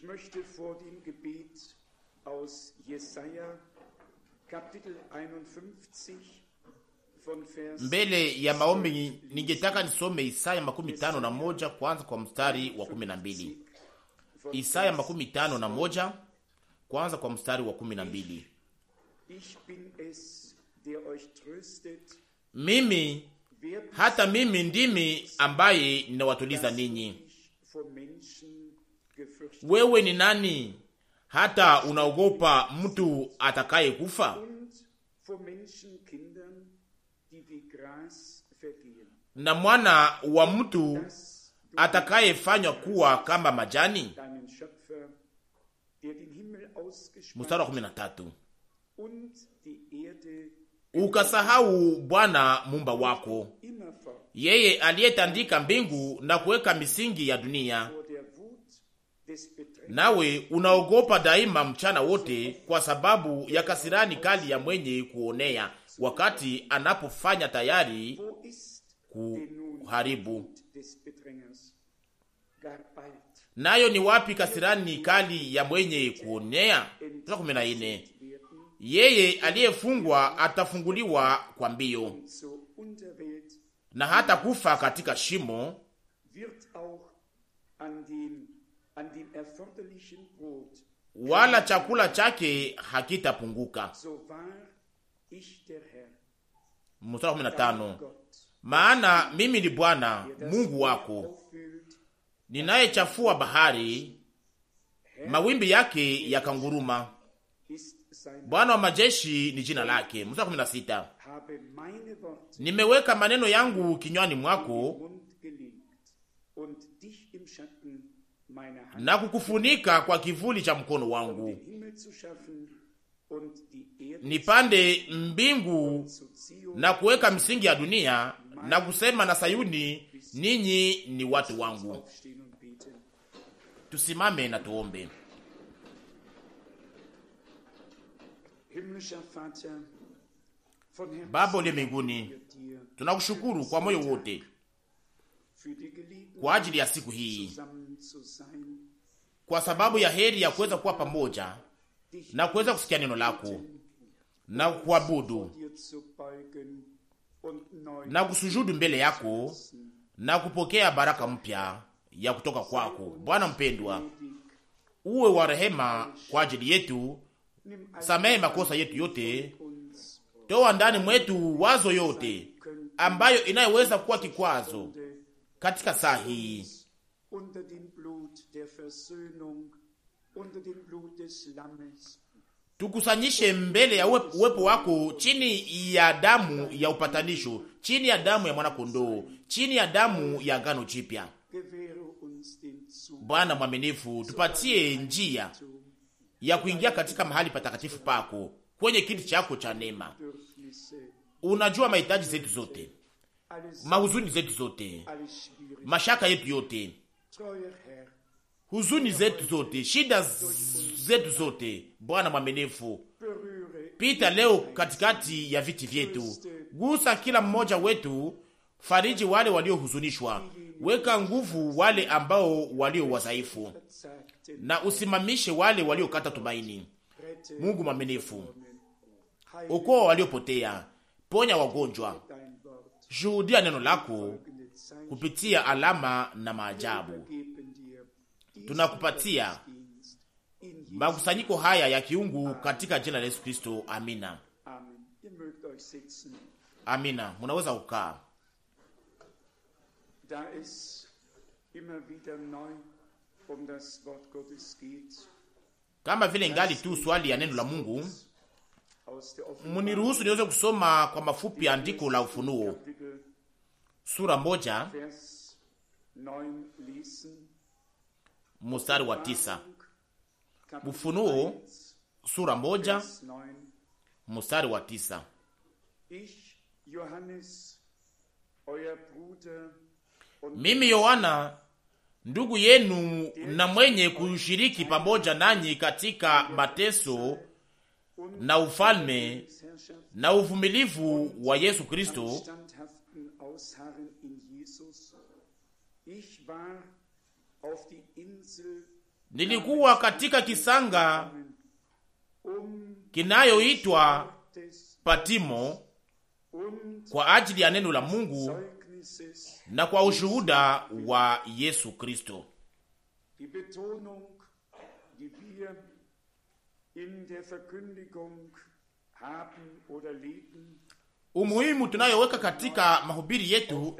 Ich möchte vor dem Gebet aus Jesaja Kapitel 51 von Vers Mbele ya maombi ningetaka nisome Isaya makumi tano na moja kwanza kwa mstari wa kumi na mbili. Isaya makumi tano na moja kwanza kwa mstari wa kumi na mbili. Mimi hata mimi ndimi ambaye ninawatuliza ninyi wewe ni nani hata unaogopa mtu atakaye kufa? Na mwana wa mtu atakayefanywa kuwa kama majani. Mstari wa kumi na tatu. Ukasahau Bwana Mumba wako, yeye aliyetandika mbingu na kuweka misingi ya dunia nawe unaogopa daima mchana wote, kwa sababu ya kasirani kali ya mwenye kuonea, wakati anapofanya tayari kuharibu. Nayo ni wapi kasirani kali ya mwenye kuonea? kumi na Yeye aliyefungwa atafunguliwa kwa mbio, na hata kufa katika shimo wala chakula chake hakitapunguka. Mstari maana mimi ni Bwana Mungu wako ninayechafua bahari, mawimbi yake yakanguruma. Bwana wa majeshi ni jina lake. Mstari nimeweka maneno yangu kinywani mwako na kukufunika kwa kivuli cha mkono wangu, nipande mbingu na kuweka misingi ya dunia, na kusema na Sayuni, ninyi ni watu wangu. Tusimame na tuombe. Baba uliye mbinguni, tunakushukuru kwa moyo wote kwa ajili ya siku hii kwa sababu ya heri ya kuweza kuwa pamoja na kuweza kusikia neno lako na kuabudu na kusujudu mbele yako na kupokea baraka mpya ya kutoka kwako. Bwana mpendwa, uwe wa rehema kwa ajili yetu, samehe makosa yetu yote, toa ndani mwetu wazo yote ambayo inayoweza kuwa kikwazo katika saa hii tukusanyishe mbele ya uwepo wako, chini ya damu ya upatanisho, chini ya damu ya mwanakondoo, chini ya damu ya ngano jipya. Bwana mwaminifu, tupatie njia ya kuingia katika mahali patakatifu pako, kwenye kiti chako cha neema. Unajua mahitaji zetu zote, mahuzuni zetu zote, mashaka yetu yote huzuni zetu zote, shida zetu zote. Bwana mwaminifu, pita leo katikati ya viti vyetu, gusa kila mmoja wetu, fariji wale waliohuzunishwa, weka nguvu wale ambao walio wadhaifu, na usimamishe wale waliokata tumaini. Mungu mwaminifu, okoa waliopotea, ponya wagonjwa, shuhudia neno lako kupitia alama na maajabu tunakupatia makusanyiko haya ya kiungu katika jina la Yesu Kristo. Amina, amina. Munaweza kukaa. Um Kama vile ngali tu swali ya um neno la Mungu, muniruhusu niweze kusoma kwa mafupi andiko la Ufunuo sura moja mstari wa tisa. Ufunuo sura moja mstari wa tisa. Mimi Yohana ndugu yenu na mwenye kushiriki pamoja nanyi katika mateso na ufalme na uvumilivu wa Yesu Kristo nilikuwa katika kisanga um kinayoitwa Patimo um kwa ajili ya neno la Mungu na kwa ushuhuda wa Yesu Kristo. Umuhimu tunayoweka katika mahubiri yetu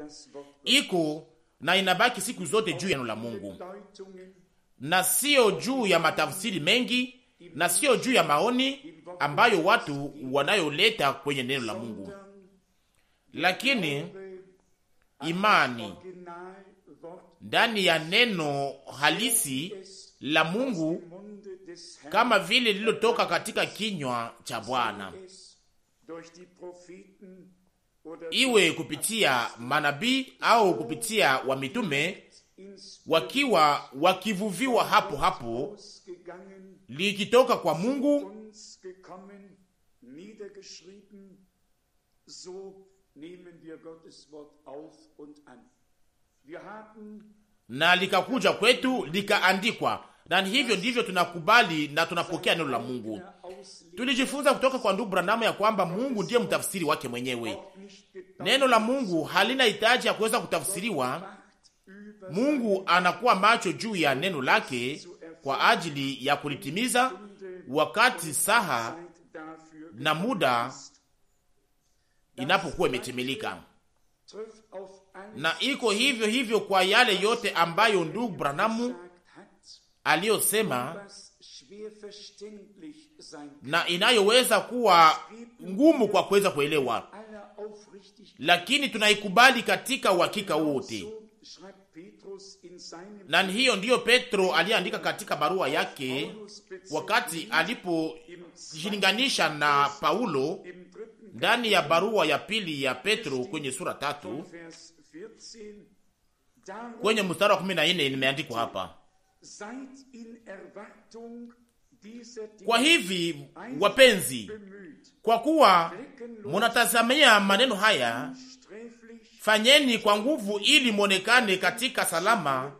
iko na inabaki siku zote juu ya neno la Mungu, na sio juu ya matafsiri mengi, na sio juu ya maoni ambayo watu wanayoleta kwenye neno la Mungu, lakini imani ndani ya neno halisi la Mungu kama vile lililotoka katika kinywa cha Bwana iwe kupitia manabii au kupitia wamitume, wakiwa wakivuviwa hapo hapo likitoka kwa Mungu na likakuja kwetu likaandikwa, na hivyo ndivyo tunakubali na tunapokea neno la Mungu. Tulijifunza kutoka kwa ndugu branamu ya kwamba Mungu ndiye mtafsiri wake mwenyewe. Neno la Mungu halina hitaji ya kuweza kutafsiriwa. Mungu anakuwa macho juu ya neno lake kwa ajili ya kulitimiza wakati saha na muda inapokuwa imetimilika, na iko hivyo hivyo kwa yale yote ambayo ndugu Branamu aliyosema na inayoweza kuwa ngumu kwa kuweza kuelewa, lakini tunaikubali katika uhakika wote. Na hiyo ndiyo Petro aliyeandika katika barua yake wakati alipojilinganisha na Paulo ndani ya barua ya pili ya Petro kwenye sura tatu kwenye mstari wa kumi na nne nimeandikwa hapa kwa hivi wapenzi, kwa kuwa munatazamia maneno haya, fanyeni kwa nguvu ili mwonekane katika salama,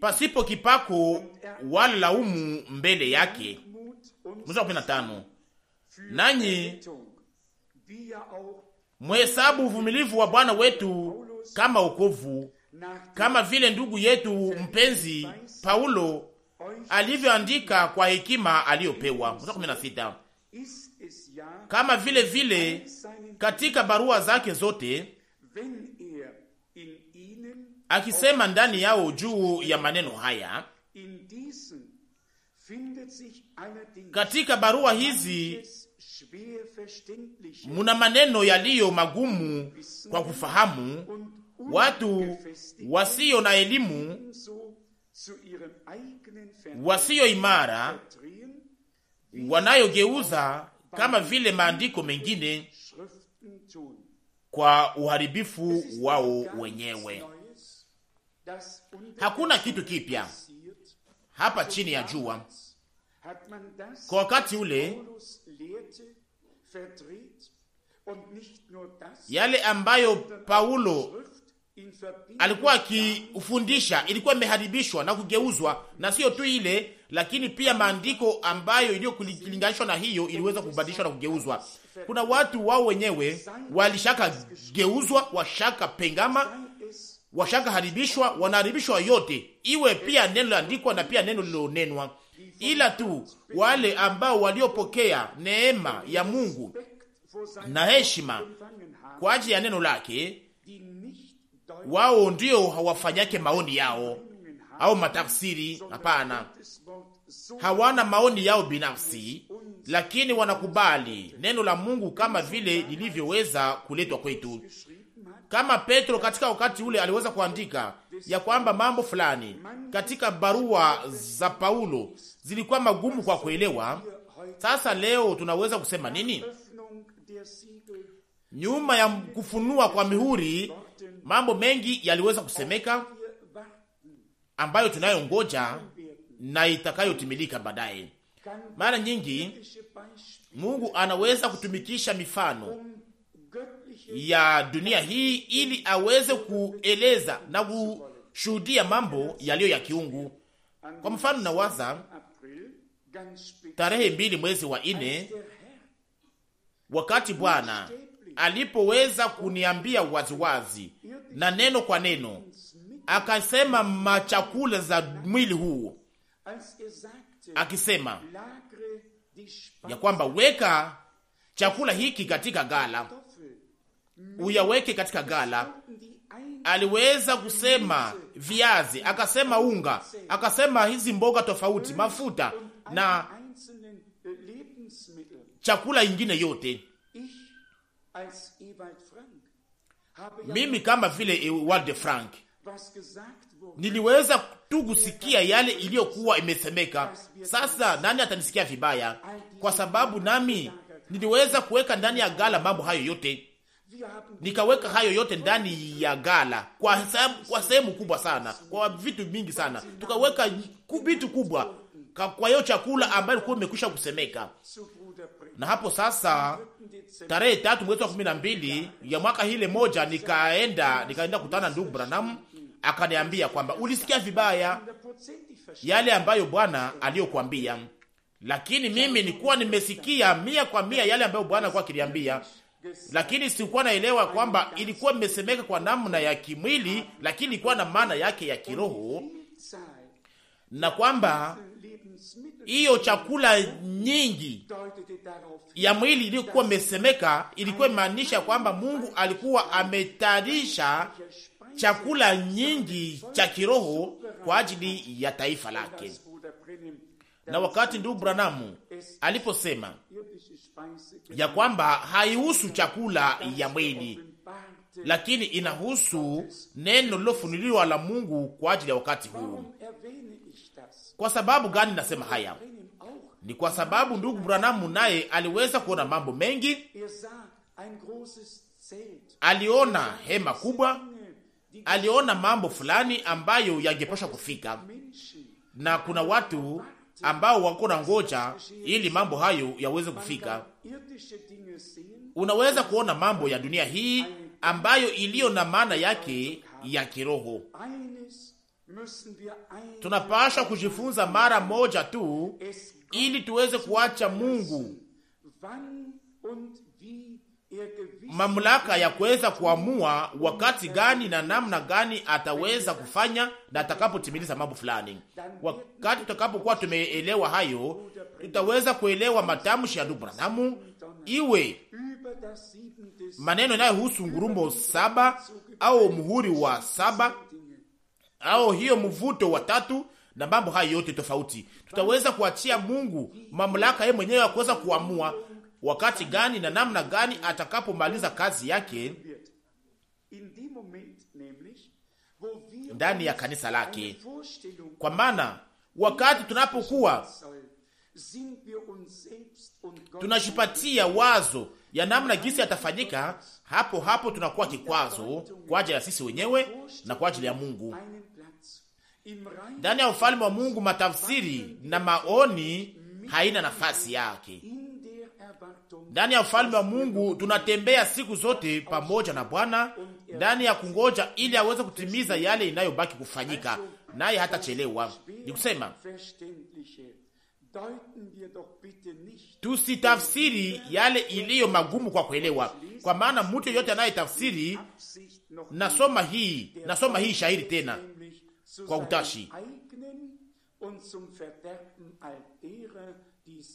pasipo kipako wala laumu mbele yake. Nanyi mwesabu uvumilivu wa Bwana wetu kama ukovu, kama vile ndugu yetu mpenzi Paulo alivyoandika kwa hekima aliyopewa. Kama vile vile katika barua zake zote akisema ndani yao juu ya maneno haya. Katika barua hizi muna maneno yaliyo magumu kwa kufahamu, watu wasio na elimu wasiyo imara wanayogeuza kama vile maandiko mengine kwa uharibifu wao wenyewe. Hakuna kitu kipya hapa chini ya jua. Kwa wakati ule yale ambayo Paulo alikuwa akiufundisha ilikuwa imeharibishwa na kugeuzwa, na sio tu ile, lakini pia maandiko ambayo iliyokulinganishwa na hiyo iliweza kubadilishwa na kugeuzwa. Kuna watu wao wenyewe walishaka geuzwa, washaka pengama, washaka haribishwa, wanaharibishwa yote, iwe pia neno liandikwa na pia neno lilonenwa ila tu wale ambao waliopokea neema ya Mungu na heshima kwa ajili ya neno lake wao ndio hawafanyake maoni yao au matafsiri. Hapana, hawana maoni yao binafsi, lakini wanakubali neno la Mungu kama vile lilivyoweza kuletwa kwetu. Kama Petro katika wakati ule aliweza kuandika ya kwamba mambo fulani katika barua za Paulo zilikuwa magumu kwa kuelewa. Sasa leo tunaweza kusema nini? Nyuma ya kufunua kwa mihuri Mambo mengi yaliweza kusemeka ambayo tunayongoja na itakayotimilika baadaye. Mara nyingi Mungu anaweza kutumikisha mifano ya dunia hii ili aweze kueleza na kushuhudia mambo yaliyo ya kiungu. Kwa mfano, nawaza tarehe mbili mwezi wa nne, wakati Bwana alipoweza kuniambia waziwazi na neno kwa neno, akasema machakula za mwili huu, akisema ya kwamba weka chakula hiki katika gala, uyaweke katika gala. Aliweza kusema viazi, akasema unga, akasema hizi mboga tofauti, mafuta na chakula ingine yote mimi kama vile Ewald Frank niliweza tu kusikia yale iliyokuwa imesemeka. Sasa nani atanisikia vibaya? Kwa sababu nami niliweza kuweka ndani ya gala mambo hayo yote, nikaweka hayo yote ndani ya gala kwa kwa sehemu kubwa sana, kwa vitu vingi sana, tukaweka vitu kubwa, kwa hiyo chakula ambayo ilikuwa imekwisha kusemeka, na hapo sasa tarehe tatu mwezi wa kumi na mbili ya mwaka hile moja, nikaenda nikaenda kutana ndugu Branham, akaniambia kwamba ulisikia vibaya yale ambayo Bwana aliyokuambia, lakini mimi nilikuwa nimesikia mia kwa mia yale ambayo Bwana alikuwa akiniambia, lakini sikuwa naelewa kwamba ilikuwa imesemeka kwa namna ya kimwili, lakini ilikuwa na maana yake ya kiroho na kwamba hiyo chakula nyingi ya mwili iliyokuwa imesemeka, ilikuwa imaanisha kwamba Mungu alikuwa ametayarisha chakula nyingi cha kiroho kwa ajili ya taifa lake. Na wakati ndugu Branamu aliposema ya kwamba haihusu chakula ya mwili, lakini inahusu neno lilofunuliwa la Mungu kwa ajili ya wakati huu, kwa sababu gani nasema haya? Ni kwa sababu ndugu Branamu naye aliweza kuona mambo mengi. Aliona hema kubwa, aliona mambo fulani ambayo yangepasha kufika, na kuna watu ambao wako na ngoja ili mambo hayo yaweze kufika. Unaweza kuona mambo ya dunia hii ambayo iliyo na maana yake ya kiroho tunapasha kujifunza mara moja tu, ili tuweze kuacha Mungu er mamlaka ya kuweza kuamua wakati er gani na namna gani ataweza kufanya na atakapotimiliza mambo fulani. Wakati tutakapokuwa tumeelewa hayo, tutaweza kuelewa matamshi ya ndugu Branamu, iwe maneno husu ngurumo saba au muhuri wa saba au hiyo mvuto wa tatu na mambo hayo yote tofauti, tutaweza kuachia Mungu mamlaka yeye mwenyewe ya kuweza kuamua wakati gani na namna gani atakapomaliza kazi yake ndani ya kanisa lake. Kwa maana wakati tunapokuwa tunajipatia wazo ya namna gisi yatafanyika, hapo hapo tunakuwa kikwazo kwa ajili ya sisi wenyewe na kwa ajili ya Mungu ndani ya ufalme wa Mungu matafsiri na maoni haina nafasi yake. Ndani ya ufalme wa Mungu tunatembea siku zote pamoja na Bwana ndani ya kungoja, ili aweze kutimiza yale inayobaki kufanyika, naye hata chelewa Ni kusema tusitafsiri yale iliyo magumu kwa kuelewa, kwa maana mtu yeyote anayetafsiri, nasoma hii, nasoma hii shahiri tena kwa utashi,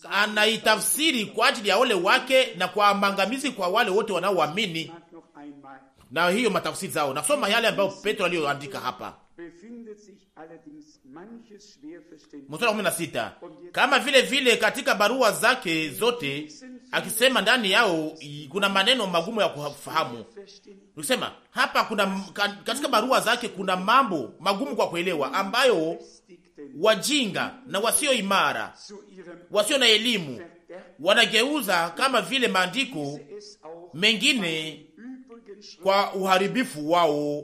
anaitafsiri kwa ajili ya ole wake na kwa mangamizi kwa wale wote wanaoamini na hiyo matafsiri zao. Nasoma yale ambayo Petro aliyoandika hapa mstari wa kumi na sita kama vile vile katika barua zake zote akisema ndani yao kuna maneno magumu ya kufahamu. Nikisema hapa kuna katika barua zake kuna mambo magumu kwa kuelewa, ambayo wajinga na wasio imara, wasio na elimu wanageuza kama vile maandiko mengine kwa uharibifu wao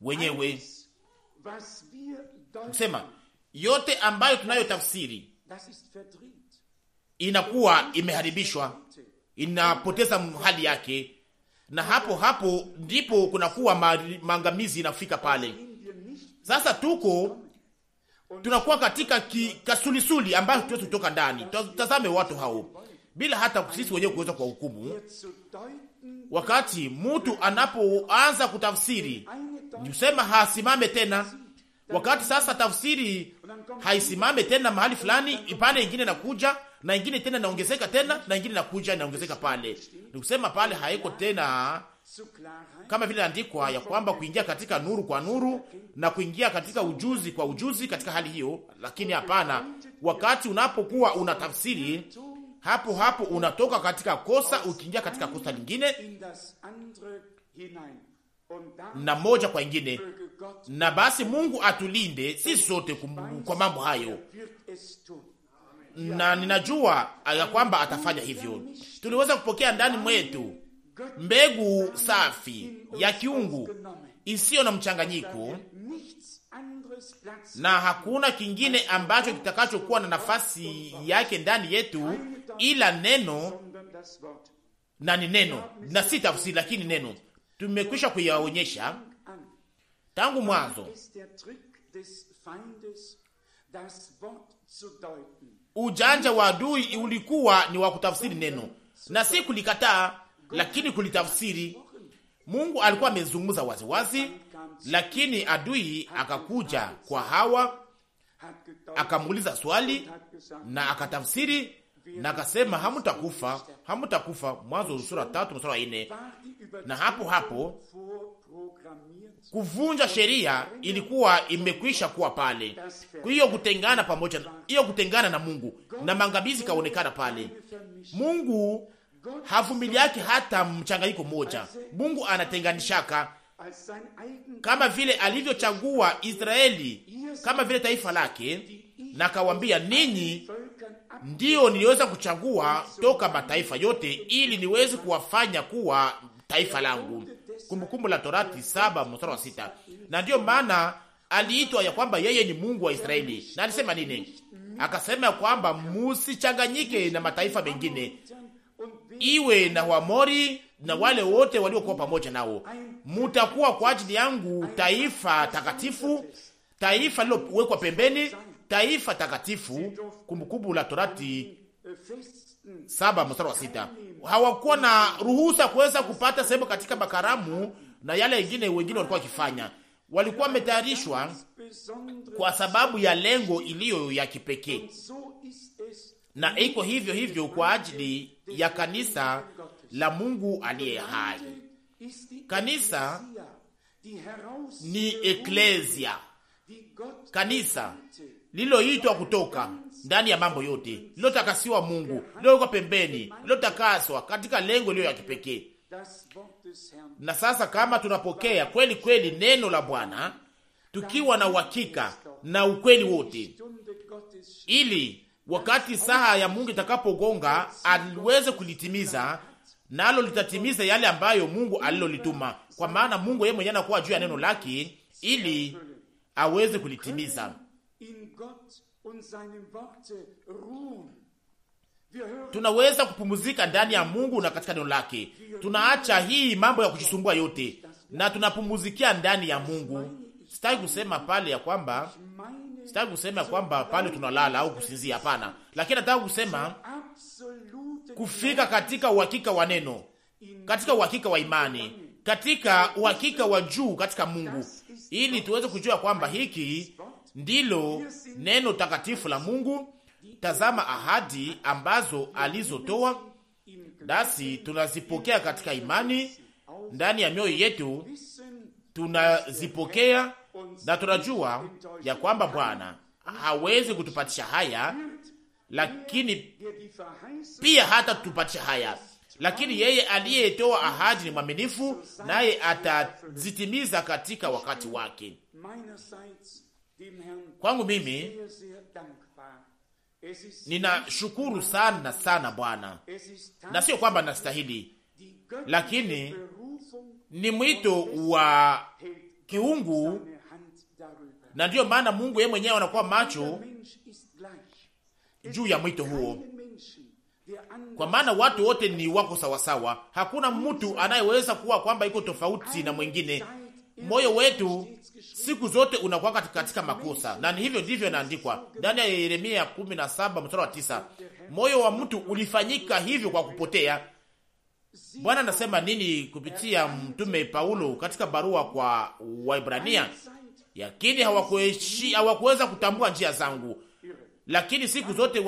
wenyewe. Kusema yote ambayo tunayo tafsiri inakuwa imeharibishwa, inapoteza hali yake, na hapo hapo ndipo kunakuwa maangamizi inafika pale. Sasa tuko tunakuwa katika ki, kasulisuli ambayo tuwezi kutoka ndani. Tutazame watu hao bila hata sisi wenyewe kuweza hukumu Wakati mtu anapoanza kutafsiri, niusema hasimame tena wakati sasa tafsiri haisimame tena mahali fulani, ipande ingine nakuja na ingine tena inaongezeka tena na ingine inakuja inaongezeka pale. kusema pale haiko tena kama vile andikwa ya kwamba kuingia katika nuru kwa nuru na kuingia katika ujuzi kwa ujuzi katika hali hiyo, lakini hapana, wakati unapokuwa tafsiri hapo hapo unatoka katika kosa ukiingia katika kosa lingine na moja kwa ingine. Na basi Mungu atulinde sisi sote kwa mambo hayo na ninajua ya kwamba atafanya hivyo. Tuliweza kupokea ndani mwetu mbegu safi ya kiungu isiyo na mchanganyiko, na hakuna kingine ambacho kitakachokuwa na nafasi yake ndani yetu ila neno, na ni neno na si tafsiri, lakini neno tumekwisha kuyaonyesha tangu mwanzo ujanja wa adui ulikuwa ni wa kutafsiri neno na si kulikataa, lakini kulitafsiri. Mungu alikuwa amezungumza waziwazi, lakini adui akakuja kwa Hawa akamuuliza swali na akatafsiri na akasema, hamutakufa, hamutakufa. Mwanzo sura tatu mstari wa nne. Na hapo hapo kuvunja sheria ilikuwa imekwisha kuwa pale, hiyo kutengana pamoja, hiyo kutengana na Mungu na mangamizi kaonekana pale. Mungu havumiliake hata mchanganyiko mmoja. Mungu anatenganishaka kama vile alivyochagua Israeli kama vile taifa lake, na kawambia, ninyi ndiyo niliweza kuchagua toka mataifa yote, ili niweze kuwafanya kuwa taifa langu Kumbukumbu la Torati saba mstari wa sita. Na ndiyo maana aliitwa ya kwamba yeye ni Mungu wa Israeli. Na alisema nini? Akasema ya kwamba musichanganyike na mataifa mengine, iwe na Wamori na wale wote waliokuwa pamoja nao, mutakuwa kwa ajili yangu taifa takatifu, taifa lilowekwa pembeni, taifa takatifu. Kumbukumbu la Torati saba mstari wa sita. Hawakuwa na ruhusa kuweza kupata sehemu katika makaramu na yale wengine wengine walikuwa wakifanya. Walikuwa wametayarishwa kwa sababu ya lengo iliyo ya kipekee, na iko hivyo hivyo kwa ajili ya kanisa la Mungu aliye hai. Kanisa ni eklesia, kanisa lililoitwa kutoka ndani ya mambo yote, lilotakasiwa Mungu, lilowekwa pembeni, lilotakaswa katika lengo iliyo ya kipekee. Na sasa kama tunapokea kweli kweli neno la Bwana tukiwa na uhakika na ukweli wote, ili wakati saha ya Mungu itakapogonga aliweze kulitimiza nalo na litatimiza yale ambayo Mungu alilolituma, kwa maana Mungu yeye mwenyewe anakuwa juu ya neno lake ili aweze kulitimiza tunaweza kupumuzika ndani ya Mungu na katika neno lake. Tunaacha hii mambo ya kujisumbua yote na tunapumuzikia ndani ya Mungu. Sitaki kusema pale ya kwamba sitaki kusema kwamba pale tunalala au kusinzia, hapana, lakini nataka kusema kufika katika uhakika wa neno, katika uhakika wa imani, katika uhakika wa juu katika Mungu, ili tuweze kujua kwamba hiki ndilo neno takatifu la Mungu. Tazama ahadi ambazo alizotoa, nasi tunazipokea katika imani ndani ya mioyo yetu, tunazipokea na tunajua ya kwamba Bwana hawezi kutupatisha haya, lakini pia hata tutupatisha haya lakini yeye aliyetoa ahadi ni mwaminifu, naye atazitimiza katika wakati wake. Kwangu mimi ninashukuru sana sana Bwana, na sio kwamba nastahili, lakini ni mwito wa kiungu, na ndiyo maana Mungu yeye mwenyewe anakuwa macho juu ya mwito huo, kwa maana watu wote ni wako sawasawa. Hakuna mtu anayeweza kuwa kwamba iko tofauti na mwingine, moyo wetu siku zote unakuwa katika makosa, na ni hivyo ndivyo inaandikwa ndani ya Yeremia 17 mstari wa moyo wa mtu ulifanyika hivyo kwa kupotea. Bwana anasema nini kupitia mtume Paulo katika barua kwa Waibrania? Yakini hawakuweza kutambua njia zangu, lakini siku zote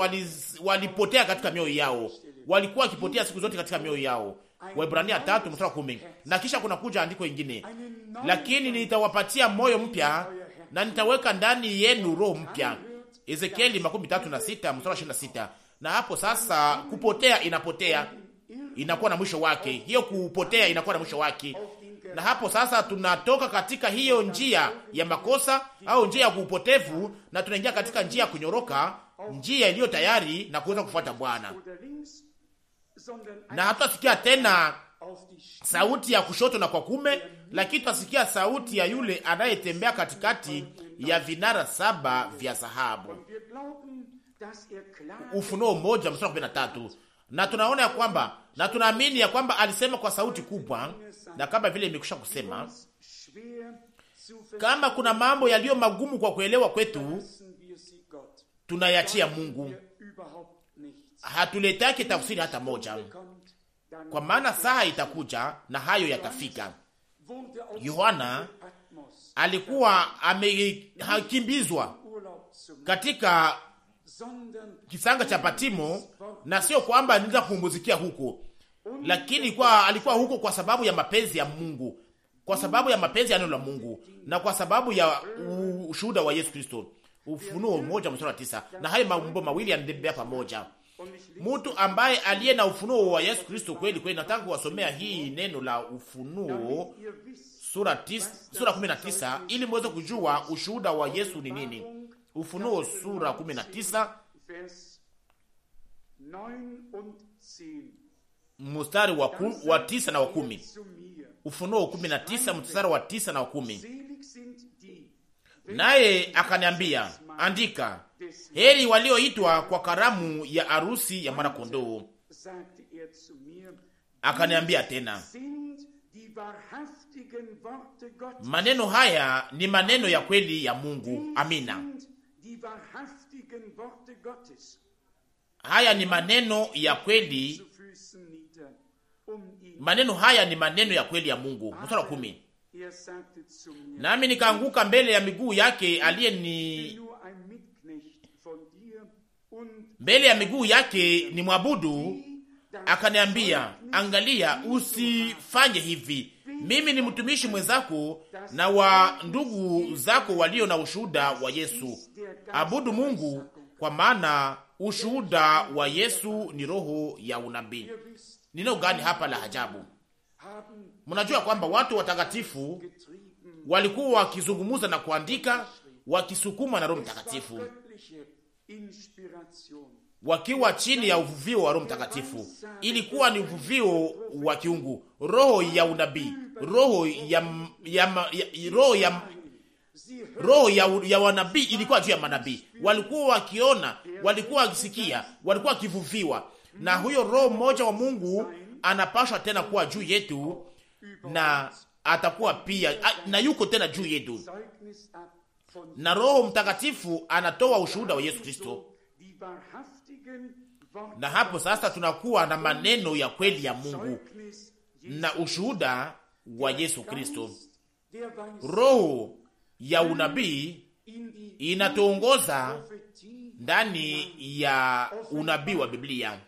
walipotea katika mioyo yao, walikuwa wakipotea siku zote katika mioyo yao Waebrania tatu mstari wa kumi. Na kisha kuna kuja andiko ingine, lakini nitawapatia moyo mpya oh, na nitaweka ndani yenu roho mpya. Ezekieli makumi tatu na sita mstari wa ishirini na sita. Na hapo sasa kupotea inapotea inakuwa na mwisho wake, hiyo kupotea inakuwa na mwisho wake. Na hapo sasa tunatoka katika hiyo njia ya makosa au njia ya kuupotevu, na tunaingia katika njia ya kunyoroka, njia iliyo tayari na kuweza kufuata Bwana na hatutasikia tena sauti ya kushoto na kwa kume, lakini twasikia sauti ya yule anayetembea katikati ya vinara saba vya dhahabu. Er Ufunuo moja mstari kumi na tatu. Na tunaona ya kwamba na tunaamini ya kwamba alisema kwa sauti kubwa, na kama vile imekusha kusema, kama kuna mambo yaliyo magumu kwa kuelewa kwetu, tunayachia Mungu hatuletake tafsiri hata moja, kwa maana saa itakuja na hayo yatafika. Yohana alikuwa amekimbizwa katika kisanga cha Patimo, na sio kwamba anaweza kumbuzikia huko, lakini kwa alikuwa huko kwa sababu ya mapenzi ya Mungu, kwa sababu ya mapenzi ya neno la Mungu na kwa sababu ya ushuhuda wa Yesu Kristo. Ufunuo moja mstari wa tisa. Na hayo mambo mawili yanatembea pamoja mtu ambaye aliye na ufunuo wa Yesu Kristo kweli kweli. Nataka kuwasomea hii neno la Ufunuo sura tis, sura 19 ili muweze kujua ushuhuda wa Yesu ni nini. Ufunuo sura 19 mstari wa, ku, wa tisa na wa kumi. Ufunuo 19 mstari wa tisa na wa kumi. Naye akaniambia andika heri walioitwa kwa karamu ya arusi ya mwanakondoo. Akaniambia tena maneno haya ni maneno ya kweli ya Mungu. Amina, haya ni maneno ya kweli, maneno haya ni maneno ya kweli ya Mungu. Mstari wa kumi, nami nikaanguka mbele ya miguu yake aliyeni mbele ya miguu yake ni mwabudu. Akaniambia, angalia, usifanye hivi. Mimi ni mtumishi mwenzako na wa ndugu zako walio na ushuhuda wa Yesu. Abudu Mungu, kwa maana ushuhuda wa Yesu ni roho ya unabii. Nino gani hapa la ajabu? Mnajua kwamba watu watakatifu walikuwa wakizungumuza na kuandika wakisukumwa na Roho Mtakatifu wakiwa chini ya uvuvio wa Roho Mtakatifu. Ilikuwa ni uvuvio wa kiungu, roho ya unabii, roho ya ya, ya, roho ya roho ya, ya wanabii ilikuwa juu ya manabii. Walikuwa wakiona, walikuwa wakisikia, walikuwa wakivuviwa na huyo roho mmoja wa Mungu. Anapashwa tena kuwa juu yetu na atakuwa pia na yuko tena juu yetu na Roho Mtakatifu anatoa ushuhuda wa Yesu Kristo, na hapo sasa tunakuwa na maneno ya kweli ya Mungu na ushuhuda wa Yesu Kristo. Roho ya unabii inatuongoza ndani ya unabii wa Biblia,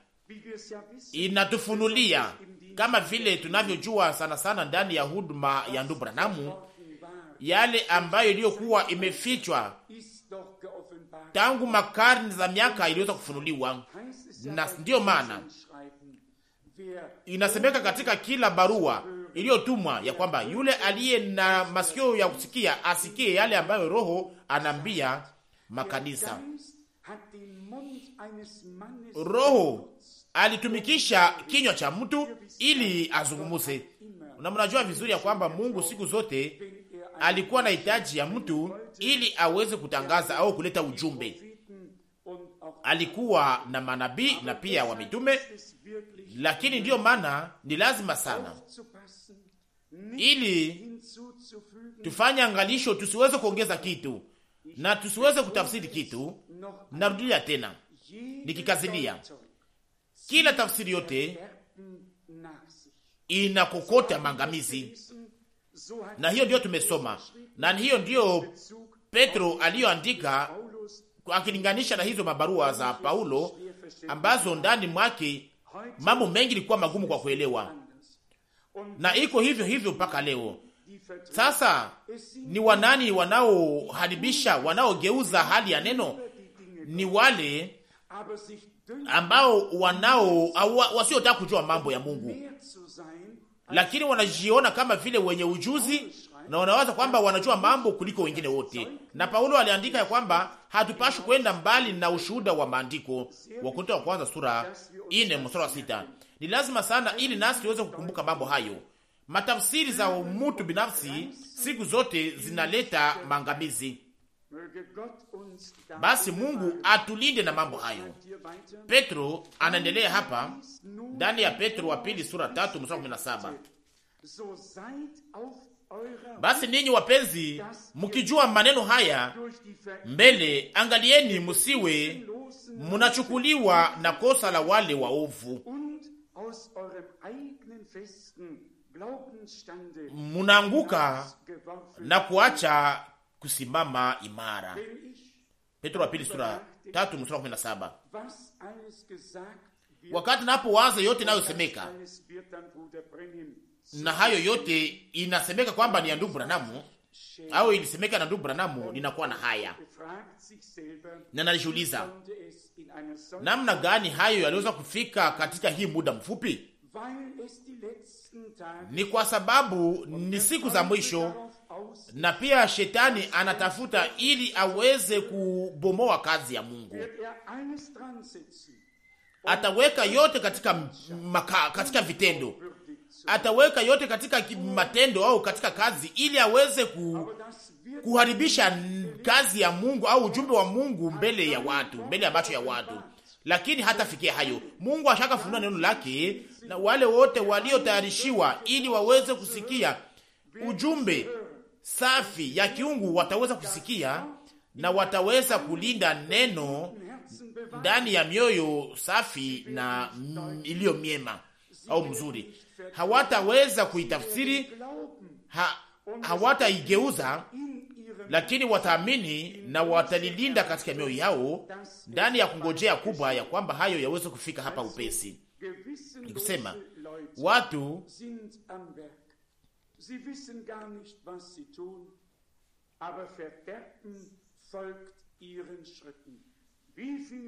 inatufunulia kama vile tunavyojua sana sana ndani ya huduma ya ndugu Branamu yale ambayo iliyokuwa imefichwa tangu makarni za miaka iliweza kufunuliwa, na ndiyo maana inasemeka katika kila barua iliyotumwa ya kwamba yule aliye na masikio ya kusikia asikie yale ambayo Roho anaambia makanisa. Roho alitumikisha kinywa cha mtu ili azungumuze, na mnajua vizuri ya kwamba Mungu siku zote alikuwa na hitaji ya mtu ili aweze kutangaza au kuleta ujumbe. Alikuwa na manabii na pia wa mitume, lakini ndiyo maana ni lazima sana ili tufanye angalisho, tusiweze kuongeza kitu na tusiweze kutafsiri kitu. Narudia tena nikikazilia, kila tafsiri yote inakokota mangamizi na hiyo ndiyo tumesoma, na hiyo ndiyo Petro aliyoandika akilinganisha na hizo mabarua za Paulo ambazo ndani mwake mambo mengi ilikuwa magumu kwa kuelewa, na iko hivyo hivyo mpaka leo. Sasa ni wanani wanaoharibisha, wanaogeuza hali ya neno? Ni wale ambao wanao wasiotaka kujua mambo ya Mungu, lakini wanajiona kama vile wenye ujuzi na wanawaza kwamba wanajua mambo kuliko wengine wote. Na Paulo aliandika ya kwamba hatupashi kwenda mbali na ushuhuda wa maandiko, Wakorintho wa kwanza sura ine mstari wa sita. Ni lazima sana ili nasi tuweze kukumbuka mambo hayo. Matafsiri za mtu binafsi siku zote zinaleta maangamizi. Basi Mungu atulinde na mambo hayo. Petro anaendelea hapa ndani ya Petro wa pili sura tatu mstari kumi na saba basi ninyi wapenzi, mkijua maneno haya mbele, angalieni musiwe munachukuliwa na kosa la wale waovu, munaanguka na kuacha kusimama imara. Petro wa pili sura tatu mstari kumi na saba. Wakati waza yote inayosemeka na hayo yote inasemeka kwamba ni ya ndugu Branamu au ilisemeka na ndugu Branamu, ninakuwa na haya na nalijiuliza namna gani hayo yaliweza kufika katika hii muda mfupi. Ni kwa sababu ni siku za mwisho na pia shetani anatafuta ili aweze kubomoa kazi ya Mungu. Ataweka yote katika maka, katika vitendo, ataweka yote katika matendo au katika kazi, ili aweze ku, kuharibisha kazi ya Mungu au ujumbe wa Mungu mbele ya watu, mbele ya macho ya watu lakini hatafikia hayo. Mungu ashaka funua neno lake na wale wote waliotayarishiwa ili waweze kusikia ujumbe safi ya kiungu wataweza kusikia na wataweza kulinda neno ndani ya mioyo safi na iliyo miema au mzuri. Hawataweza kuitafsiri ha, hawataigeuza, lakini wataamini na watalilinda katika mioyo yao ndani ya kungojea kubwa ya kwamba hayo yaweze kufika hapa upesi. Nikusema watu Sie wissen gar nicht, was sie tun, aber Verderben folgt ihren Schritten.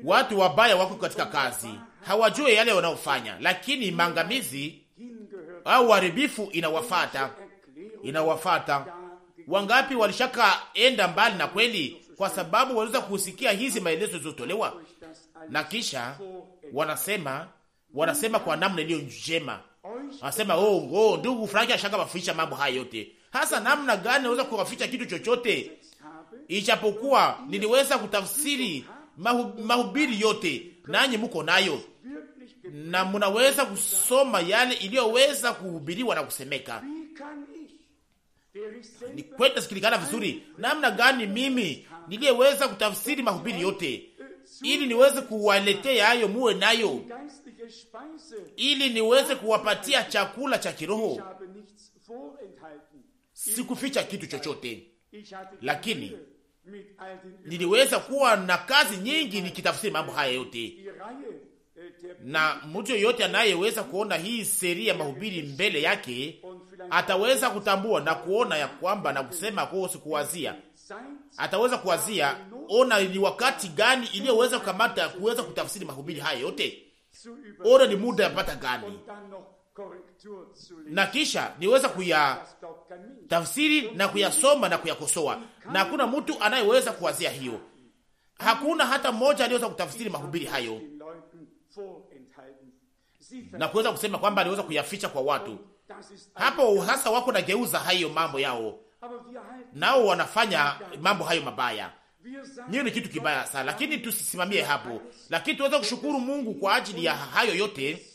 Watu wabaya wako katika kazi, hawajue yale wanaofanya, lakini maangamizi au uharibifu inawafata, inawafata. Wangapi enda mbali na kweli, kwa sababu waliweza kusikia hizi maelezo zilizotolewa, na kisha wanasema wanasema kwa namna iliyo njema asema oh, oh, ndugu Franki ashaka waficha mambo haya yote. Hasa namna gani naweza kuwaficha kitu chochote? Ichapokuwa niliweza kutafsiri mahubiri yote, nanyi mko nayo na mnaweza kusoma yale iliyoweza kuhubiriwa na kusemeka. Ni kwenda sikilikana vizuri, namna gani mimi niliyeweza kutafsiri mahubiri yote ili niweze kuwaletea hayo muwe nayo, ili niweze kuwapatia chakula cha kiroho. Sikuficha kitu chochote, lakini niliweza kuwa na kazi nyingi nikitafsiri mambo haya yote, na mtu yoyote anayeweza kuona hii seri ya mahubiri mbele yake ataweza kutambua na kuona ya kwamba na kusema kuhusu kuwazia ataweza kuwazia ona ni wakati gani iliyoweza kukamata kuweza kutafsiri mahubiri haya yote, ona ni muda yapata gani, na kisha niweza kuyatafsiri na kuyasoma na kuyakosoa, na hakuna mtu anayeweza kuwazia hiyo. Hakuna hata mmoja aliyeweza kutafsiri mahubiri hayo na kuweza kusema kwamba aliweza kuyaficha kwa watu. Hapo hasa wako na geuza hayo mambo yao nao wanafanya mambo hayo mabaya. Niyo ni kitu kibaya sana, lakini tusisimamie hapo, lakini tuweze kushukuru Mungu kwa ajili ya hayo yote,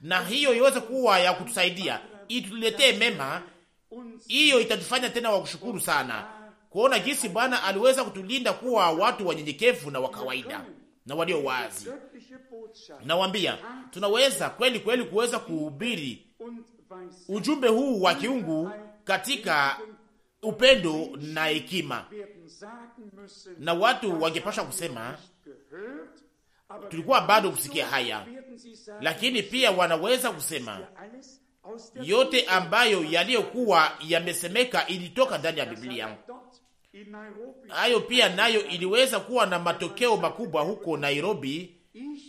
na hiyo iweze kuwa ya kutusaidia ituletee mema. Hiyo itatufanya tena wa kushukuru sana kuona jinsi Bwana aliweza kutulinda kuwa watu wanyenyekevu na wa kawaida na walio wazi. Nawambia, tunaweza kweli kweli kuweza kuhubiri ujumbe huu wa kiungu katika upendo na hekima, na watu wangepasha kusema tulikuwa bado kusikia haya, lakini pia wanaweza kusema yote ambayo yaliyokuwa yamesemeka ilitoka ndani ya Biblia. Hayo pia nayo iliweza kuwa na matokeo makubwa huko Nairobi.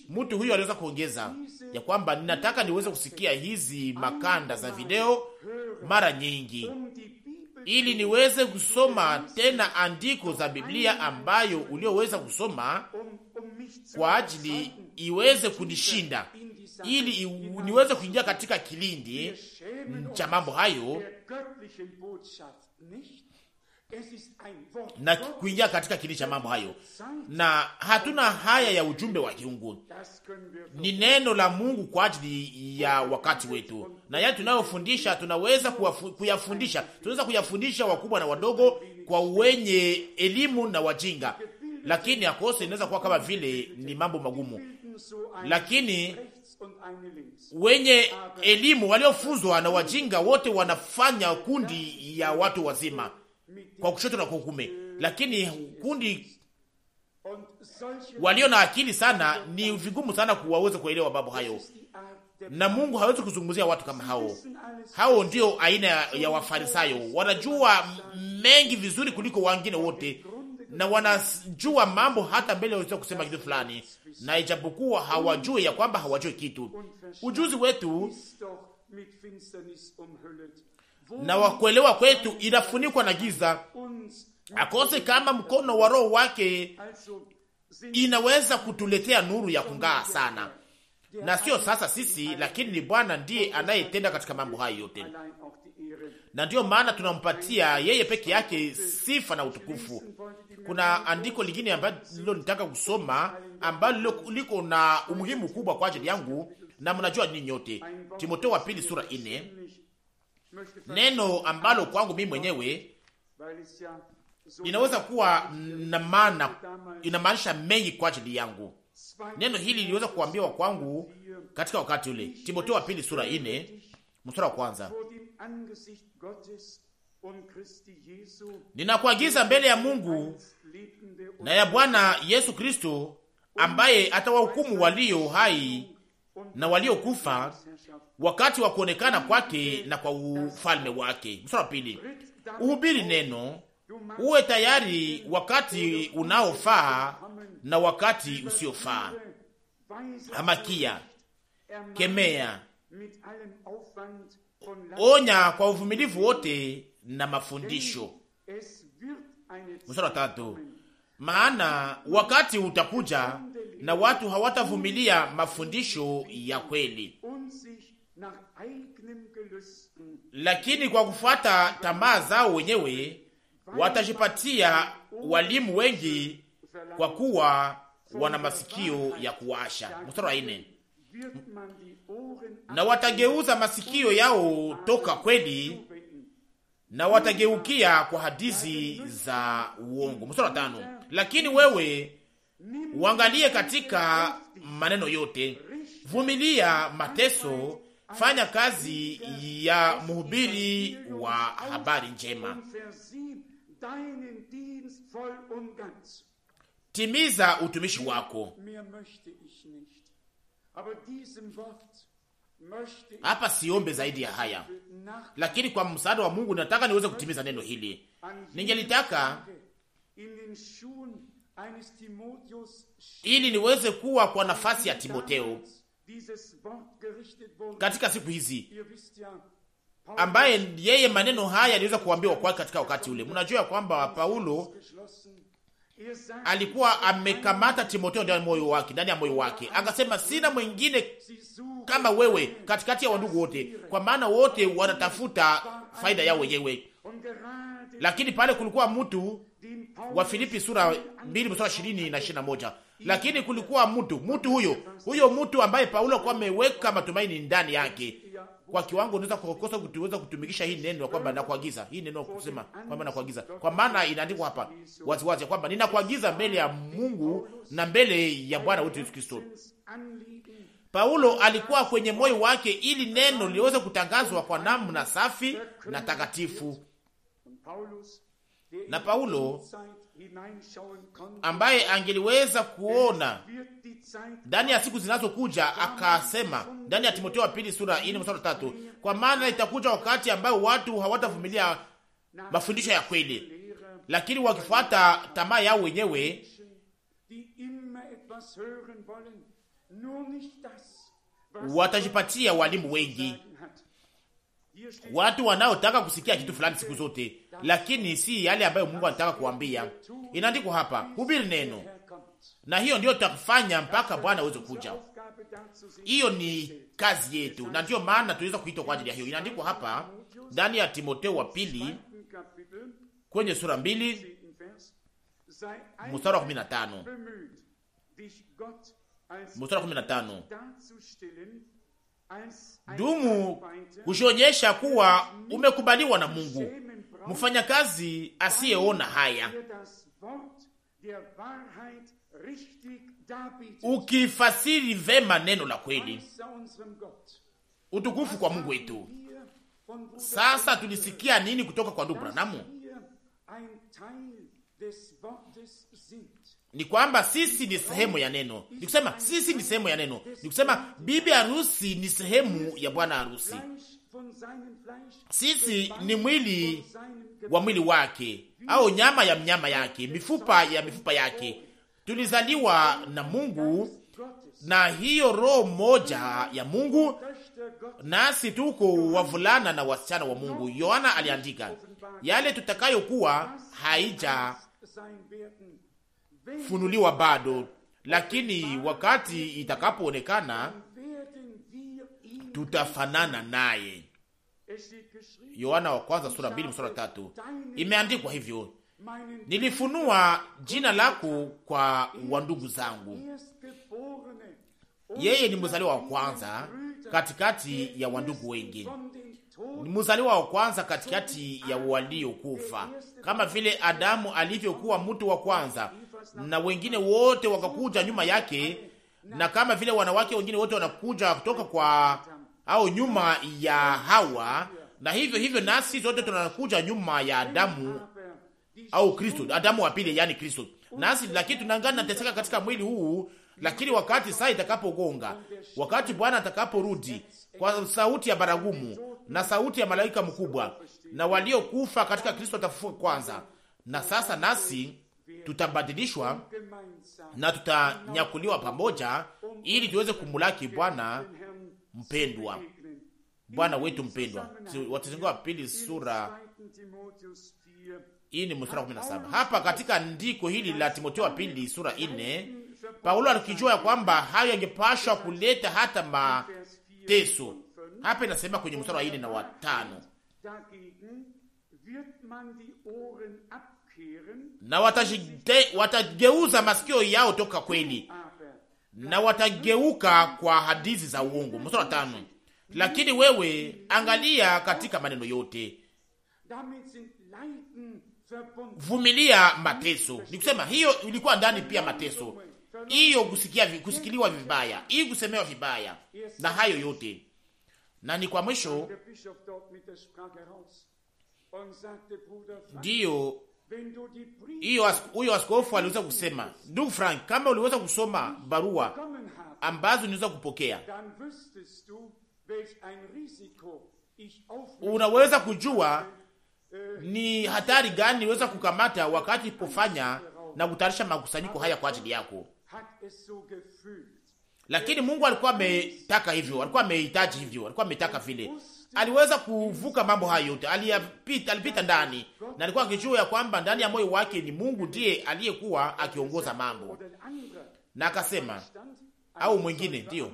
Mtu huyo aliweza kuongeza ya kwamba ninataka niweze kusikia hizi makanda za video mara nyingi, ili niweze kusoma tena andiko za Biblia ambayo ulioweza kusoma kwa ajili iweze kunishinda, ili niweze kuingia katika kilindi cha mambo hayo na kuingia katika kini cha mambo hayo, na hatuna haya ya ujumbe wa kiungu, ni neno la Mungu kwa ajili ya wakati wetu, na yale tunayofundisha tunaweza kuyafundisha, tunaweza kuyafundisha wakubwa na wadogo, kwa wenye elimu na wajinga, lakini akose inaweza kuwa kama vile ni mambo magumu, lakini wenye elimu waliofunzwa na wajinga wote wanafanya kundi ya watu wazima kwa kushoto na kwa kume, lakini kundi walio na akili sana ni vigumu sana kuwaweza kuelewa babu hayo, na Mungu hawezi kuzungumzia watu kama hao. Hao ndio aina ya Wafarisayo, wanajua mengi vizuri kuliko wengine wote, na wanajua mambo hata mbele waweza kusema kitu fulani, na ijapokuwa hawajui ya kwamba hawajui kitu. Ujuzi wetu na wakuelewa kwetu inafunikwa na giza, akose kama mkono wa Roho wake inaweza kutuletea nuru ya kung'aa sana, na sio sasa sisi, lakini ni Bwana ndiye anayetenda katika mambo hayo yote, na ndiyo maana tunampatia yeye peke yake sifa na utukufu. Kuna andiko lingine ambalo nitaka kusoma ambalo liko na umuhimu kubwa kwa ajili yangu, na mnajua ninyi nyote, Timoteo wa pili sura ine neno ambalo kwangu mimi mwenyewe inaweza kuwa na maana, inamaanisha mengi kwa ajili yangu. Neno hili liliweza kuambiwa kwangu katika wakati ule, Timotheo wa pili sura ine mstari wa kwanza ninakuagiza mbele ya Mungu na ya Bwana Yesu Kristo ambaye atawahukumu walio hai na waliokufa wakati wa kuonekana kwake na kwa ufalme wake. Mstari wa pili, uhubiri neno, uwe tayari wakati unaofaa na wakati usiofaa. Hamakia, kemea, onya kwa uvumilivu wote na mafundisho. Mstari wa tatu maana wakati utakuja na watu hawatavumilia mafundisho ya kweli, lakini kwa kufuata tamaa zao wenyewe watajipatia walimu wengi, kwa kuwa wana masikio ya kuwasha. Mstari wa nne, na watageuza masikio yao toka kweli na watageukia kwa hadithi za uongo. Mstari wa tano lakini wewe uangalie katika maneno yote, vumilia mateso, fanya kazi ya mhubiri wa habari njema, timiza utumishi wako. Hapa siombe zaidi ya haya, lakini kwa msaada wa Mungu nataka niweze kutimiza neno hili. Ningelitaka ili niweze kuwa kwa nafasi ya timoteo katika siku hizi, ambaye yeye maneno haya aliweza kuambiwa kwake katika wakati ule. Mnajua kwamba Paulo er alikuwa amekamata timoteo ndani ya moyo wake, ndani ya moyo wake akasema, sina mwingine kama wewe katikati ya wandugu wote, kwa maana wote wanatafuta er faida yao wenyewe, lakini pale kulikuwa mtu wa Filipi sura 2 mstari 20 na 21. Lakini kulikuwa mtu mtu huyo huyo mtu ambaye Paulo kwa ameweka matumaini ndani yake. Kwa kiwango unaweza kukosa kutuweza kutumikisha hii neno kwamba nakuagiza hii neno kusema kwamba nakuagiza, kwa maana inaandikwa hapa wazi wazi kwamba ninakuagiza mbele ya Mungu na mbele ya Bwana wetu Yesu Kristo. Paulo alikuwa kwenye moyo wake ili neno liweze kutangazwa kwa namna safi na takatifu na Paulo ambaye angeliweza kuona ndani ya siku zinazokuja, akasema ndani ya Timotheo wa pili sura ine mstari tatu, kwa maana itakuja wakati ambayo watu hawatavumilia mafundisho ya kweli, lakini wakifuata tamaa yao wenyewe watajipatia walimu wengi watu wanaotaka kusikia kitu fulani siku zote, lakini si yale ambayo Mungu anataka kuambia. Inaandikwa hapa, hubiri neno, na hiyo ndiyo tutakufanya mpaka Bwana aweze kuja. Hiyo ni kazi yetu, na ndiyo maana tuweza kuitwa kwa ajili ya hiyo. Inaandikwa hapa ndani ya Timotheo wa pili kwenye sura mbili mstari wa 15, mstari wa 15 dumu kushonyesha kuwa umekubaliwa na Mungu, mfanyakazi asiyeona haya, ukifasiri vema neno la kweli. Utukufu kwa Mungu wetu. Sasa tulisikia nini kutoka kwa ndugu Branamu? ni kwamba sisi ni sehemu ya neno, ni kusema sisi ni sehemu ya neno, ni kusema bibi harusi ni sehemu ya bwana harusi. Sisi ni mwili wa mwili wake, au nyama ya mnyama yake, mifupa ya mifupa yake. Tulizaliwa na Mungu na hiyo roho moja ya Mungu, nasi tuko wavulana na wasichana wa Mungu. Yohana aliandika yale tutakayokuwa haija funuliwa bado, lakini wakati itakapoonekana tutafanana naye. Yohana wa kwanza sura mbili mstari wa tatu imeandikwa hivyo, nilifunua jina lako kwa wandugu zangu. Yeye ni mzaliwa wa kwanza katikati ya wandugu wengi, ni mzaliwa wa kwanza katikati ya waliokufa, kama vile Adamu alivyokuwa mtu wa kwanza na wengine wote wakakuja nyuma yake, na kama vile wanawake wengine wote wanakuja kutoka kwa au nyuma ya Hawa, na hivyo hivyo nasi zote tunakuja nyuma ya Adamu au Kristo, Adamu wa pili, yani Kristo. Nasi lakini tunangana nateseka katika mwili huu, lakini wakati saa itakapogonga, wakati Bwana atakaporudi kwa sauti ya baragumu na sauti ya malaika mkubwa, na waliokufa katika Kristo watafufuka kwanza. Na sasa nasi tutabadilishwa na tutanyakuliwa pamoja, ili tuweze kumulaki Bwana mpendwa, Bwana wetu mpendwa. Wathesalonike wa pili sura hii ni mstari 17. Hapa katika andiko hili la Timotheo wa pili sura 4, Paulo alikijua ya kwamba hayo yangepashwa kuleta hata mateso. Hapa inasema kwenye mstari wa 4 na watano na watageuza masikio yao toka kweli na watageuka kwa hadithi za uongo. Mstari wa tano. Lakini wewe angalia katika maneno yote, vumilia mateso. Nikusema hiyo ilikuwa ndani pia mateso, hiyo kusikia, kusikiliwa vibaya, hii kusemewa vibaya, na hayo yote na ni kwa mwisho ndiyo huyo askofu aliweza kusema, ndugu Frank, kama uliweza kusoma barua ambazo niweza kupokea, unaweza kujua ni hatari gani niweza kukamata wakati kufanya na kutayarisha makusanyiko haya kwa ajili yako. Lakini Mungu alikuwa ametaka hivyo, alikuwa amehitaji hivyo, alikuwa ametaka vile, aliweza kuvuka mambo hayo yote, alipita, alipita ndani, na alikuwa akijua ya kwamba ndani ya moyo wake ni Mungu ndiye aliyekuwa akiongoza mambo, na akasema au mwingine ndio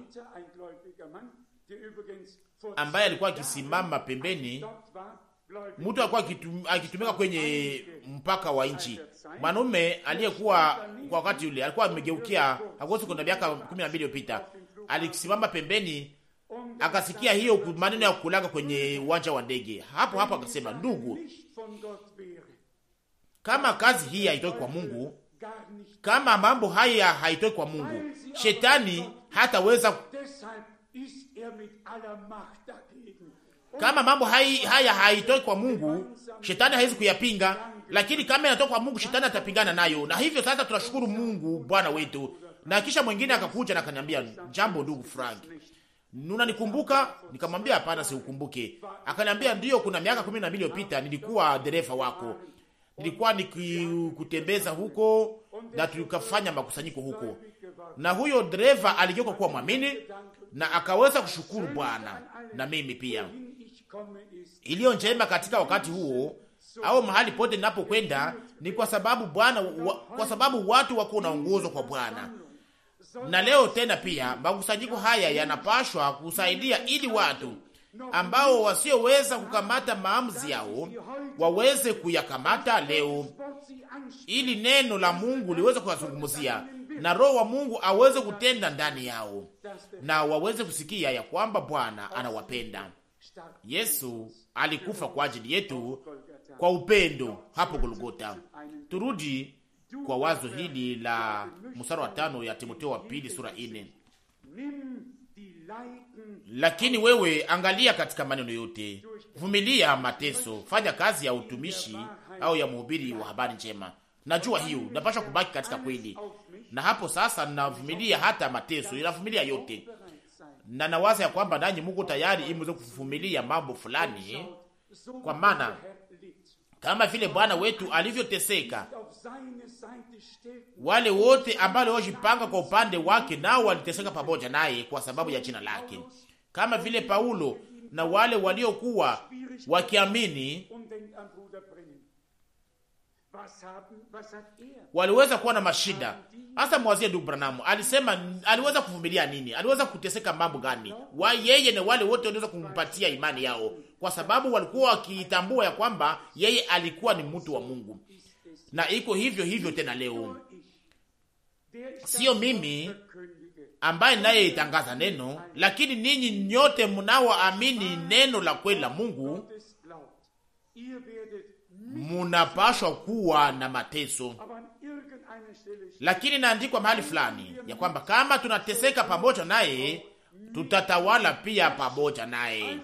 ambaye alikuwa akisimama pembeni, mtu alikuwa akitumika kwenye mpaka wa nchi, mwanaume aliyekuwa kwa wakati ule alikuwa amegeukia, hakuwezi kwenda miaka kumi na mbili iliyopita, alisimama pembeni akasikia hiyo maneno ya kulaga kwenye uwanja wa ndege. Hapo hapo akasema, ndugu, kama kazi hii haitoki kwa Mungu, kama mambo haya haitoki kwa Mungu, shetani hataweza kama mambo hai, haya haitoki kwa Mungu, shetani hawezi kuyapinga, lakini kama inatoka kwa Mungu, shetani atapingana nayo. Na hivyo sasa tunashukuru Mungu Bwana wetu. Na kisha mwingine akakuja na akaniambia, jambo ndugu Frank, unanikumbuka? Nikamwambia hapana, siukumbuke. Akaniambia ndiyo, kuna miaka kumi na mbili iliyopita nilikuwa dereva wako, nilikuwa nikikutembeza huko na tukafanya makusanyiko huko, na huyo dereva aligeuka kuwa mwamini na akaweza kushukuru Bwana na mimi pia. Iliyo njema katika wakati huo au mahali pote ninapokwenda ni kwa sababu Bwana, kwa sababu watu wako naongozwa kwa Bwana na leo tena pia makusanyiko haya yanapashwa kusaidia ili watu ambao wasioweza kukamata maamuzi yao waweze kuyakamata leo, ili neno la Mungu liweze kuwazungumzia na Roho wa Mungu aweze kutenda ndani yao na waweze kusikia ya kwamba Bwana anawapenda. Yesu alikufa kwa ajili yetu kwa upendo hapo Golgota. Turudi kwa wazo hili la mstari wa tano ya Timotheo wa pili sura ine. Lakini wewe angalia katika maneno yote, vumilia mateso, fanya kazi ya utumishi au ya mhubiri wa habari njema. Najua hiyo napashwa kubaki katika kweli, na hapo sasa navumilia hata mateso, inavumilia yote, na nawaza ya kwamba nanyi muko tayari ili kuvumilia mambo fulani, kwa maana kama vile Bwana wetu alivyoteseka. Wale wote ambao waliojipanga kwa upande wake nao waliteseka pamoja naye kwa sababu ya jina lake, kama vile Paulo na wale waliokuwa wakiamini er? waliweza kuwa na mashida. Hasa mwazie ndugu Branamu alisema, aliweza kuvumilia nini? Aliweza kuteseka mambo gani? Wa yeye na wale wote waliweza kumpatia imani yao kwa sababu walikuwa wakiitambua ya kwamba yeye alikuwa ni mtu wa Mungu, na iko hivyo hivyo tena leo. Sio mimi ambaye naye itangaza neno, lakini ninyi nyote mnaoamini neno la kweli la Mungu munapashwa kuwa na mateso. Lakini naandikwa mahali fulani ya kwamba kama tunateseka pamoja naye, tutatawala pia pamoja naye.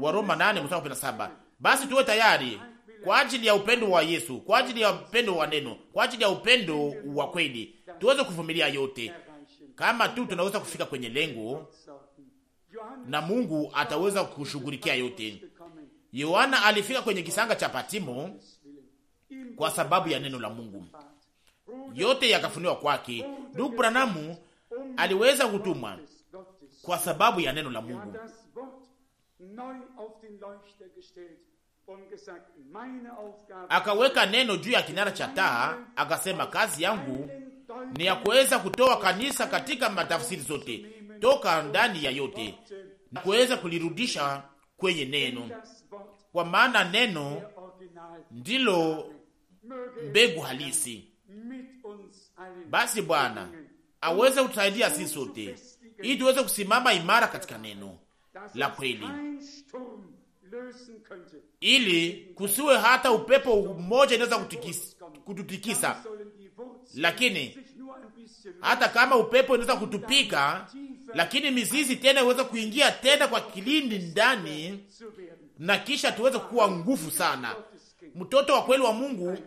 Waroma nane mstari kumi saba. Basi tuwe tayari kwa ajili ya upendo wa Yesu, kwa ajili ya upendo wa neno, kwa ajili ya upendo wa kweli, tuweze kuvumilia yote, kama tu tunaweza kufika kwenye lengo na Mungu ataweza kushughulikia yote. Yohana alifika kwenye kisanga cha Patimo kwa sababu ya neno la Mungu, yote yakafuniwa kwake. Ndugu Branamu aliweza kutumwa kwa sababu ya neno la Mungu. Akaweka neno juu ya kinara cha taa, akasema kazi yangu ni ya kuweza kutoa kanisa katika matafsiri zote toka ndani ya yote na kuweza kulirudisha kwenye neno, kwa maana neno ndilo mbegu er halisi. Basi Bwana aweze kutusaidia sisi sote ili tuweze kusimama imara katika neno la kweli, ili kusiwe hata upepo mmoja inaweza kututikisa, lakini hata kama upepo inaweza kutupika, lakini mizizi tena iweze kuingia tena kwa kilindi ndani, na kisha tuweze kuwa nguvu sana. Mtoto wa kweli wa Mungu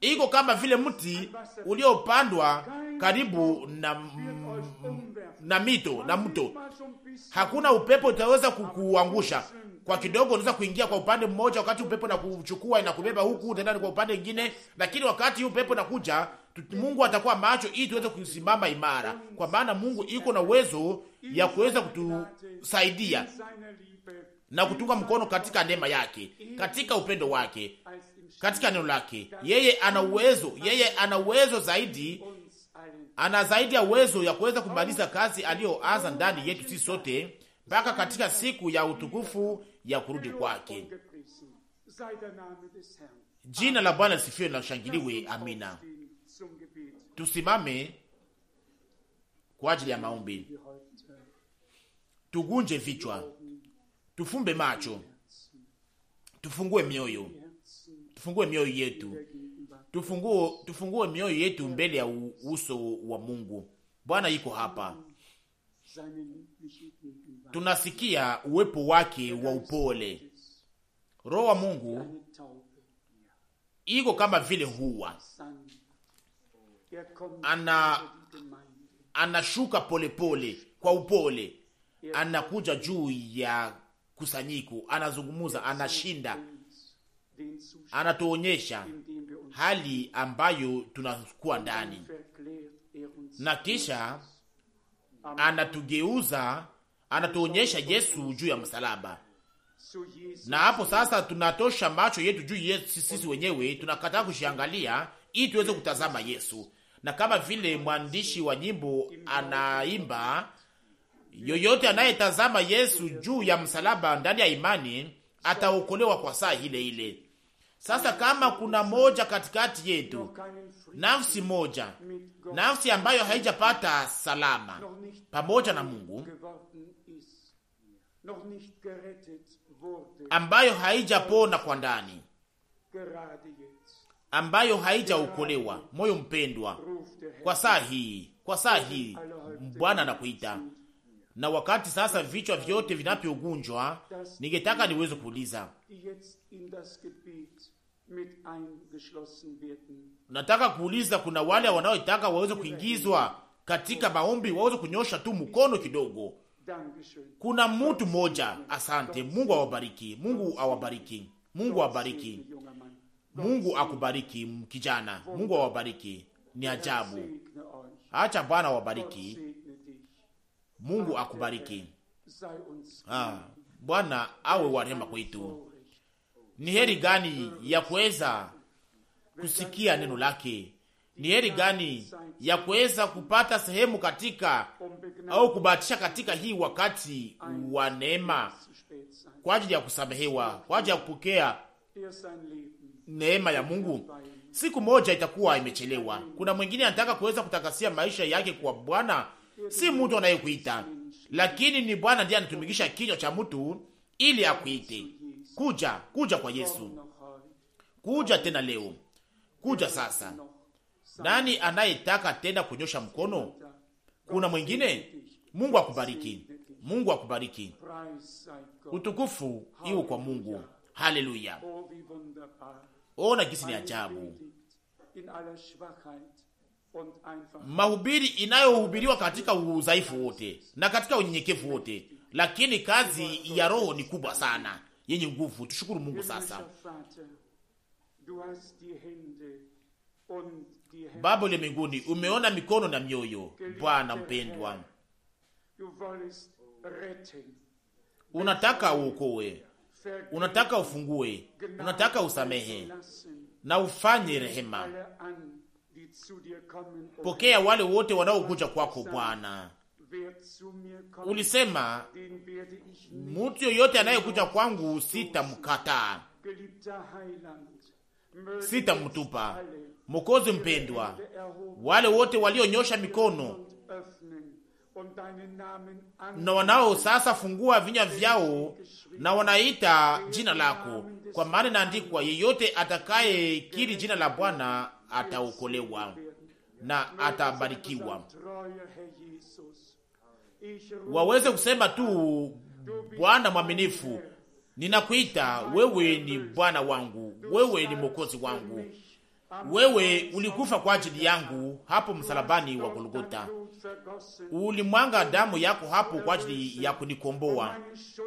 iko kama vile mti uliopandwa karibu na na mito na mto, hakuna upepo utaweza kukuangusha. Kwa kidogo unaweza kuingia kwa upande mmoja, wakati upepo na kuchukua inakubeba huku, utaenda kwa upande mwingine, lakini wakati upepo nakuja, Mungu atakuwa macho ili tuweze kusimama imara, kwa maana Mungu iko na uwezo ya kuweza kutusaidia na kutunga mkono katika neema yake, katika upendo wake, katika neno lake. Yeye ana uwezo, yeye ana uwezo zaidi ana zaidi ya uwezo ya kuweza kumaliza kazi aliyoanza ndani yetu sisi sote mpaka katika siku ya utukufu ya kurudi kwake. Jina la Bwana lisifiwe na ushangiliwe. Amina. Tusimame kwa ajili ya maombi, tugunje vichwa, tufumbe macho, tufungue mioyo, tufungue mioyo yetu tufungue, tufungue mioyo yetu mbele ya uso wa Mungu. Bwana yuko hapa, tunasikia uwepo wake wa upole. Roho wa Mungu iko kama vile huwa ana anashuka polepole pole, kwa upole anakuja juu ya kusanyiko, anazungumuza, anashinda, anatuonyesha hali ambayo tunakuwa ndani, na kisha anatugeuza, anatuonyesha Yesu juu ya msalaba, na hapo sasa tunatosha macho yetu juu yetu sisi wenyewe, tunakataa kushiangalia ili tuweze kutazama Yesu, na kama vile mwandishi wa nyimbo anaimba, yoyote anayetazama Yesu juu ya msalaba ndani ya imani ataokolewa kwa saa ile ile. Sasa kama kuna moja katikati yetu, nafsi moja, nafsi ambayo haijapata salama pamoja na Mungu, ambayo haijapona kwa ndani, ambayo haijaokolewa, moyo mpendwa, kwa saa hii, kwa saa hii Bwana anakuita na wakati sasa vichwa vyote vinavyogunjwa, ningetaka niweze kuuliza, nataka kuuliza, kuna wale wanaoitaka waweze kuingizwa katika maombi, waweze kunyosha tu mkono kidogo. Kuna mtu mmoja. Asante. Mungu awabariki, Mungu awabariki, Mungu awabariki, Mungu akubariki kijana, Mungu awabariki. Ni ajabu. Acha Bwana awabariki. Mungu akubariki. Ah, Bwana awe wa rehema kwetu. Ni heri gani ya kuweza kusikia neno lake! Ni heri gani ya kuweza kupata sehemu katika au kubatisha katika hii wakati wa neema, kwa ajili ya kusamehewa, kwa ajili ya kupokea neema ya Mungu. Siku moja itakuwa imechelewa. Kuna mwingine anataka kuweza kutakasia maisha yake kwa Bwana si mtu anayekuita, lakini ni Bwana ndiye anatumikisha kinywa cha mtu ili akuite. Kuja, kuja kwa Yesu, kuja tena leo, kuja sasa. Nani anayetaka tena kunyosha mkono? Kuna mwingine? Mungu akubariki, Mungu akubariki. Utukufu iwe kwa Mungu. Haleluya! Ona gisi ni ajabu mahubiri inayohubiriwa katika udhaifu wote na katika unyenyekevu wote, lakini kazi ya Roho ni kubwa sana yenye nguvu. Tushukuru Mungu. Sasa Baba uliye mbinguni, umeona mikono na mioyo. Bwana mpendwa, unataka uokoe, unataka ufungue, unataka usamehe na ufanye rehema Pokea wale wote wanaokuja kwako Bwana. Ulisema mtu yoyote anayekuja kwangu sitamkataa, sitamtupa. Mokozi mpendwa, wale wote walionyosha mikono na wanao sasa fungua vinywa vyao na wanaita jina lako, kwa maana inaandikwa, yeyote atakaye kiri jina la Bwana ataokolewa na atabarikiwa, waweze kusema tu, Bwana mwaminifu, ninakuita wewe, ni Bwana wangu, wewe ni mwokozi wangu, wewe ulikufa kwa ajili yangu hapo msalabani wa Golgota, ulimwanga damu yako hapo kwa ajili ya kunikomboa,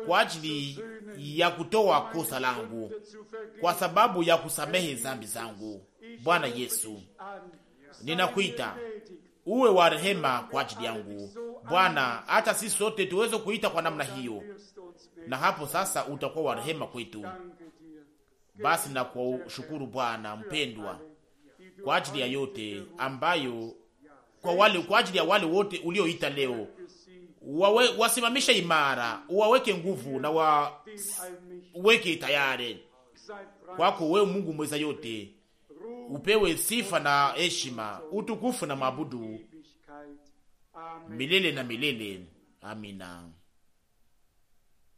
kwa ajili ya kutoa kosa langu, kwa sababu ya kusamehe zambi zangu Bwana Yesu, ninakuita uwe wa rehema kwa ajili yangu Bwana, hata sisi sote tuweze kuita kwa namna hiyo, na hapo sasa utakuwa wa rehema kwetu. Basi na kushukuru Bwana mpendwa kwa ajili ya yote ambayo kwa wale, kwa ajili ya wale wote ulioita leo wawe, wasimamishe imara, uwaweke nguvu na waweke tayari kwako wewe Mungu mweza yote upewe sifa na heshima, utukufu na mabudu milele na milele. Amina.